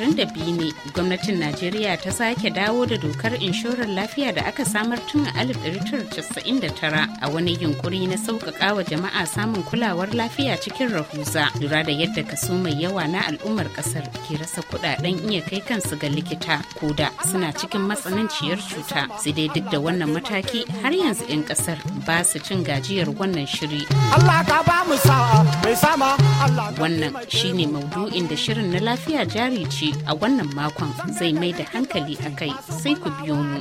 22 ne gwamnatin Najeriya ta sake dawo da dokar inshorar lafiya da aka samar tun a 1999 a wani yunkuri na sauƙaƙa wa jama'a samun kulawar lafiya cikin rahusa lura da yadda kaso mai yawa na al'ummar ƙasar ke rasa kuɗaɗen iya kai kansu ga likita ko da suna cikin matsananciyar cuta sai dai duk da wannan mataki har yanzu 'yan ƙasar ba su cin gajiyar wannan shiri. Allah ka ba mu sa'a mai sama Allah. Wannan shine maudu'in da shirin na lafiya jari ce a wannan makon zai mai da hankali a kai sai ku biyo mu.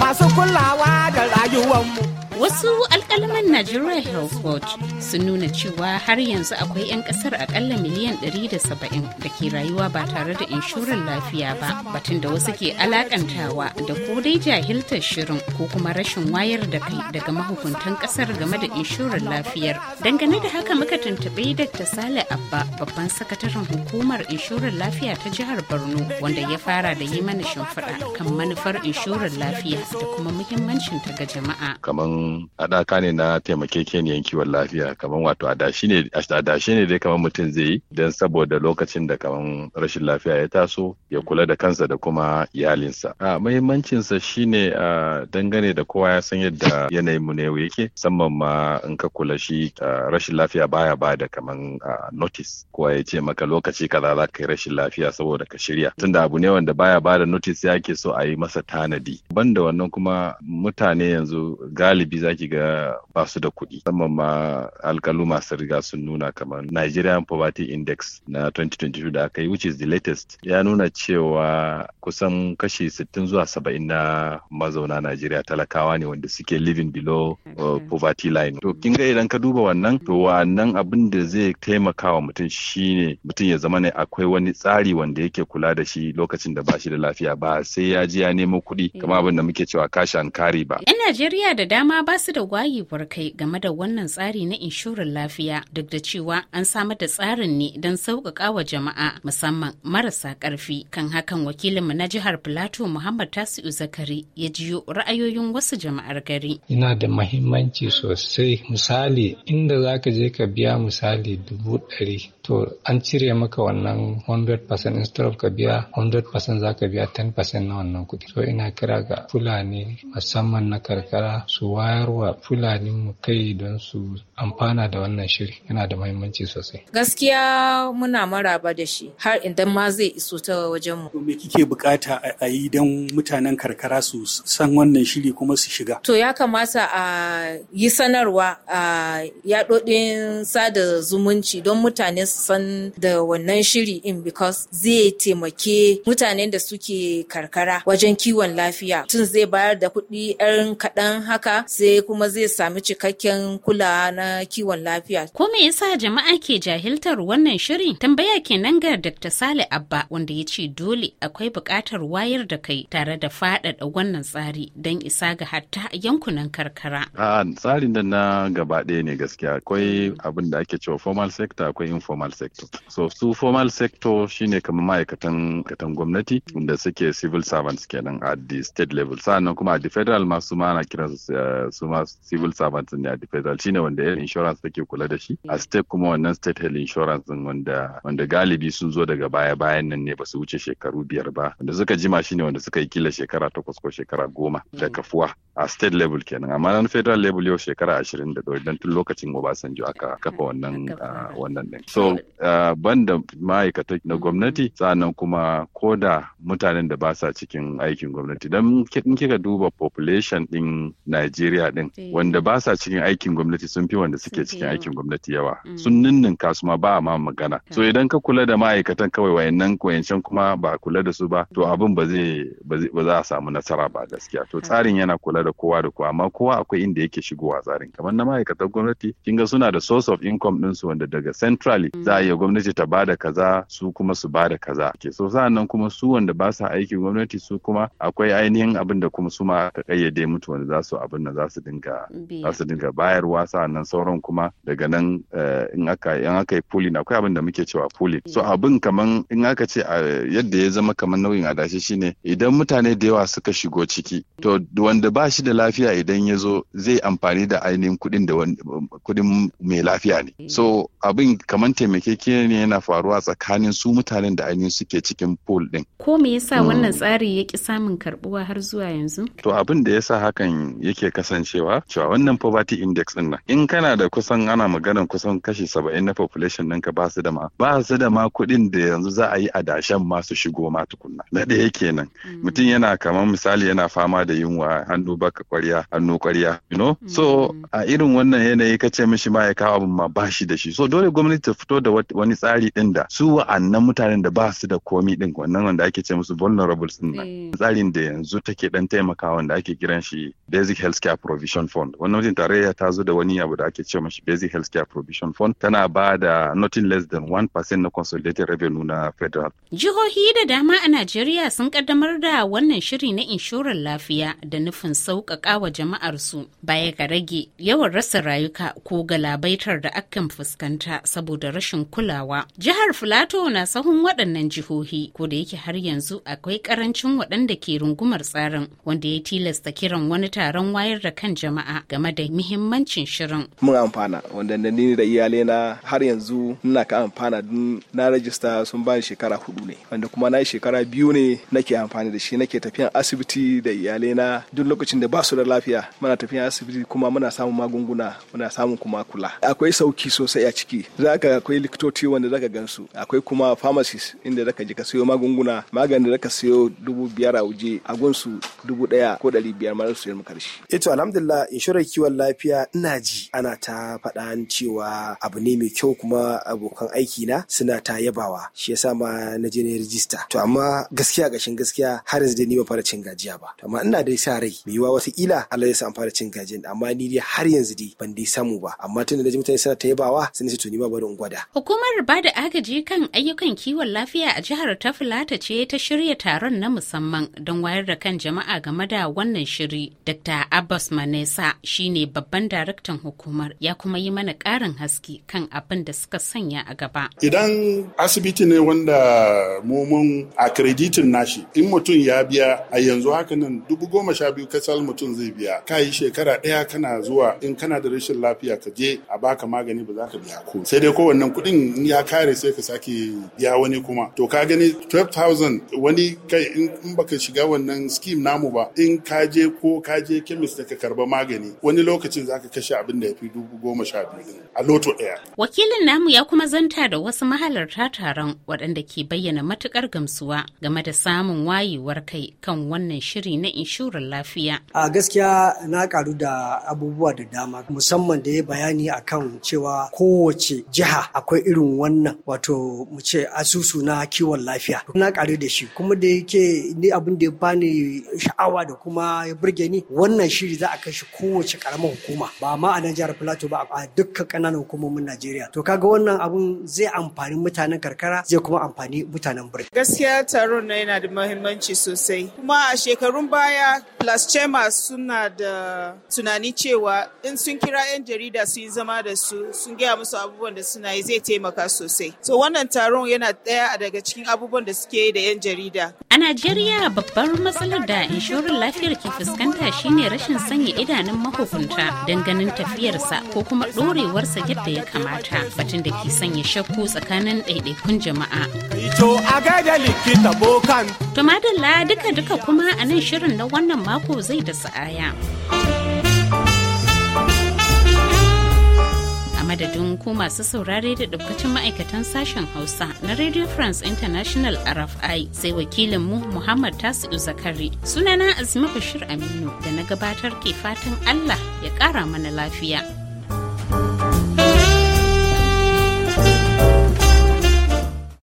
Masu kulawa da rayuwarmu. Wasu alkalaman Najeriya Health Watch sun nuna cewa har yanzu akwai 'yan kasar akalla miliyan 170 da ke rayuwa ba tare da inshorar lafiya ba, batun da wasu ke alakantawa da ko dai jahiltar shirin ko kuma rashin wayar da kai daga mahukuntan kasar game da inshorar lafiyar. Dangane da haka muka tuntuɓi Dr. Sale Abba babban sakataren hukumar inshorar lafiya ta jihar Borno wanda ya fara da yi mana shimfiɗa kan manufar inshorar lafiya da kuma muhimmancin ta ga jama'a. wannan haɗaka ne na taimakekeniyan kiwon lafiya kamar wato adashi ne dai kamar mutum zai yi don saboda lokacin da kamar rashin lafiya ya taso ya kula da kansa da kuma iyalinsa. A shi shine a dangane da kowa ya san yadda yanayin mu ne yake musamman ma in ka kula shi rashin lafiya baya ba da kaman notice kowa ya ce maka lokaci kaza za ka yi rashin lafiya saboda ka shirya tunda abu ne wanda baya ba da notice ya ke so a yi masa tanadi banda wannan kuma mutane yanzu galibi galibi za ki ga ba su da kuɗi musamman ma alkalu masu riga sun nuna kamar Nigerian Poverty Index na 2022 da aka yi which is the latest ya nuna cewa kusan kashi 60 zuwa 70 na mazauna Najeriya talakawa ne wanda suke living below uh, mm-hmm. poverty line to kin ga idan ka duba wannan to wannan abin da zai taimaka wa mutum ne mutum ya zama ne akwai wani tsari wanda yake kula da shi lokacin da ba shi da lafiya ba sai ya ji ya nemo kuɗi kamar abin da muke cewa kashi an kari ba. 'Yan Najeriya da dama ba su da wayewar barkai game da wannan tsari na inshorar lafiya duk da cewa an samar da tsarin ne don sauƙaƙa wa jama'a musamman marasa ƙarfi kan hakan wakilinmu na jihar plateau Muhammad Tasi'u Zakari ya jiyo ra'ayoyin wasu jama'ar gari. Ina da mahimmanci sosai misali inda za ka je ka biya misali dubu ɗari to an cire maka wannan 100% instead of ka biya 100% za ka biya 10% na wannan kuɗi so ina kira ga fulani musamman na karkara su wayarwa fulani mu kai don su amfana da wannan shiri yana da mahimmanci sosai gaskiya muna maraba da shi har idan ma zai iso ta wajen mu me kike bukata a yi don mutanen karkara su san wannan shiri kuma su shiga to ya kamata a yi sanarwa a yadodin sada zumunci don mutane san da wannan shiri in because zai taimake mutanen da suke karkara wajen kiwon lafiya tun zai bayar da kuɗi ɗan kaɗan haka sai kuma zai sami cikakken kula na kiwon lafiya. Ko me yasa jama'a ke jahiltar wannan shiri? Tambaya kenan ga Dr. Sale Abba wanda ya ce dole akwai buƙatar wayar da kai tare da faɗaɗa wannan tsari don isa ga hatta yankunan karkara. A tsarin da na gaba ɗaya ne gaskiya akwai abin da ake cewa formal sector akwai informal formal sector so su formal sector shine kamar ma'aikatan ma'aikatan gwamnati da suke civil servants kenan at the state level sannan kuma at the federal ma su ma ana kiran eh, su ma civil servants ne at the federal shine wanda health insurance take kula da shi a state kuma wannan state health insurance din wanda wanda galibi sun zo daga baya bayan nan ne ba su wuce shekaru biyar ba wanda suka jima shine wanda suka yi kila shekara takwas ko shekara goma da mm. kafuwa a state level kenan amma na federal level yau shekara ashirin da dori don tun lokacin obasanjo aka kafa wannan ah, wannan din so ah, ban da ma'aikata na mm-hmm. gwamnati sannan kuma ko da mutanen da ba sa cikin aikin gwamnati don in kika duba population din nigeria din eh. wanda ba sa cikin aikin gwamnati sun fi wanda suke cikin aikin gwamnati yawa mm. sun ninnin kasu ma ba ma magana so idan ka kula da ma'aikatan kawai wayannan koyancan kuma ba kula da su ba to mm. abin ba ba za a samu nasara ba gaskiya to tsarin yana kula tare da kowa da kowa amma kowa akwai inda yake shigowa tsarin kamar na ma'aikatan gwamnati kin ga suna da source of income din su wanda daga centrally mm. za a iya gwamnati ta bada kaza su kuma su bada kaza ke so sa'annan kuma su wanda ba sa aikin gwamnati su kuma akwai ainihin abin da kuma su ma ka kayyade mutu wanda za su abin nan za su dinga za su dinga bayarwa sa'annan sauran kuma daga nan eh, in aka in aka yi pooling akwai abin da muke cewa pooling so mm. abin kaman in aka ce eh, yadda ya zama kamar nauyin adashi shine idan mutane da yawa suka shigo ciki to wanda ba shi da lafiya idan ya zo zai amfani da ainihin kuɗin da kudin mai lafiya ne mm. so abin kamar taimakeke ne yana faruwa tsakanin su mutanen da ainihin suke cikin pool din ko me yasa wannan mm. tsari ya ki samun karbuwa har zuwa yanzu to abin da yasa hakan yake kasancewa cewa wannan poverty index din nan in kana da kusan ana maganar kusan kashi saba'in na population ɗinka ba su da ma ba su da ma kuɗin da yanzu za a yi adashen ma su shigo ma tukunna na ɗaya kenan mm. mutum yana kamar misali yana fama da yunwa hannu baka kwarya hannu kwarya you know so mm. a irin wannan yanayi ka ce mishi ma ya kawo abin ma ba shi da shi so dole gwamnati ta fito da wani tsari din da su wa'annan mutanen da ba su da komi din wannan wanda ake ce musu vulnerable sun nan eh. tsarin da yanzu take dan taimakawa wanda ake kiran shi basic healthcare provision fund wannan mutum tarayya ta zo da wani abu da ake ce mishi basic healthcare provision fund tana ba da nothing less than 1% na consolidated revenue na federal jihohi da dama a Najeriya sun kaddamar da wannan shiri na inshorar lafiya da nufin sau sauƙaƙa wa jama'arsu baya ga rage yawan rasa rayuka ko galabaitar da akan fuskanta saboda rashin kulawa. Jihar Filato na sahun waɗannan jihohi ko da yake har yanzu akwai ƙarancin waɗanda ke rungumar tsarin wanda ya tilasta kiran wani taron wayar da kan jama'a game da muhimmancin shirin. Mun amfana wanda ni da iyalena har yanzu ina ka amfana na rajista sun bani shekara hudu ne wanda kuma na shekara biyu ne nake amfani da shi nake tafiyan asibiti da iyalena duk lokacin da ba su da lafiya muna tafiya asibiti kuma muna samun magunguna muna samun kuma kula akwai sauki sosai a ciki zaka akwai likitoci wanda zaka gansu akwai kuma pharmacies inda zaka je ka sayo magunguna maganin da zaka sayo dubu biyar a waje a gunsu dubu ɗaya ko ɗari biyar mara su mu karshe. eto eh alhamdulillah inshorar kiwon lafiya ina ji ana ta faɗa cewa abu ne mai kyau kuma abokan aiki na suna ta yabawa shi yasa ma na je na yi rijista to amma gaskiya gashin gaskiya har yanzu dai ni ba fara cin gajiya ba amma ina dai sa rai mai yiwa wasu ila Allah ya sa fara cin gajin amma ni dai har yanzu dai ban dai samu ba amma tun da mutane suna ta yabawa sai ce to ma bari in gwada hukumar ba da agaji kan ayyukan kiwon lafiya a jihar ta ce ta shirya taron na musamman don wayar da kan jama'a game da wannan shiri Dr. Abbas Manesa shine babban daraktan hukumar ya kuma yi mana ƙarin haske kan abin da suka sanya a gaba. Idan asibiti ne wanda mumun kreditin nashi in mutum ya biya a yanzu haka nan dubu goma sha biyu kasal mutum zai biya ka yi shekara ɗaya kana zuwa in kana da rashin lafiya ka je a baka magani ba za ka biya ko sai dai kowannen kuɗin in ya kare sai ka sake biya wani kuma to ka gani 12,000 wani kai in baka shiga wannan scheme namu ba in ka je ko ka je kemis da ka karba magani wani lokacin zaka kashe abin da ya fi dubu goma sha biyu a loto ɗaya. Wakilin namu ya kuma zanta da wasu mahalarta taron waɗanda ke bayyana matukar gamsuwa game da samun wayewar kai kan wannan shiri na inshurar lafiya. A gaskiya na karu da abubuwa da dama musamman da ya bayani akan cewa kowace jiha akwai irin wannan wato mu ce asusu na kiwon lafiya. Na karu da shi kuma da yake ni abin da ya bani sha'awa da kuma ya burge ni wannan shiri za a kai shi kowace karamar hukuma ba ma a nan jihar Plateau ba a dukkan ƙananan hukumomin Najeriya to kaga wannan abun zai amfani mutanen karkara zai kuma amfani mutanen birni gaskiya taron na yana da mahimmanci sosai kuma a shekarun baya Plus suna da tunani cewa in sun kira 'yan jarida su yi zama da su sun gaya musu abubuwan da suna yi zai taimaka sosai. So wannan taron yana ɗaya daga cikin abubuwan da suke yi da 'yan jarida. A Najeriya babbar matsalar da inshorar lafiyar ke fuskanta shine rashin rashin sanya idanun mahukunta don ganin tafiyarsa ko kuma ɗorewarsa yadda ya kamata batun da ke sanya shakku tsakanin ɗaiɗaikun jama'a. Tumadalla duka-duka kuma a nan shirin na wannan mako zai da sa'aya. madadin ku masu saurare da dabbacin ma'aikatan sashen Hausa na Radio France International RFI sai wakilin mu Muhammad Tasiu Zakari. Sunana Azmi Bashir Aminu da na gabatar ke fatan Allah ya kara mana lafiya.